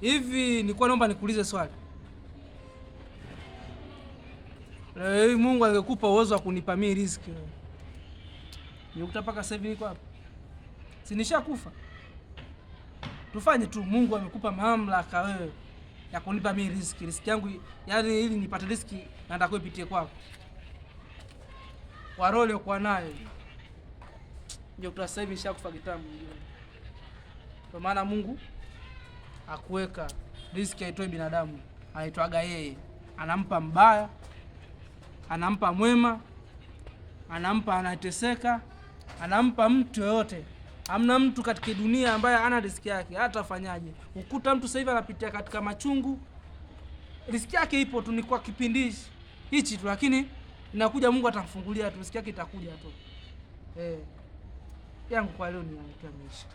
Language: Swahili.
Hivi nilikuwa naomba nikuulize swali. Hivi Mungu angekupa uwezo wa kunipa mimi riziki nikuta paka sasa hivi niko hapa, si nishakufa? Tufanye tu, Mungu amekupa mamlaka wewe ya kunipa mimi riziki, riziki yangu yani, ili nipate riziki nataka kuipitie kwako kwa role kwa nayo ndio. Sasa hivi nishakufa kitambo, Kwa maana Mungu akuweka riski aitoe binadamu, anaitwaga yeye, anampa mbaya, anampa mwema, anampa anateseka, anampa mtu yoyote. amna mtu katika dunia ambaye ana riski yake, hata afanyaje. Ukuta mtu sasa hivi anapitia katika machungu, riski yake ipo tu, ni kwa kipindi hichi tu, lakini inakuja, Mungu atamfungulia tu, riski yake itakuja tu. Eh, yangu kwa leo ni ameisha.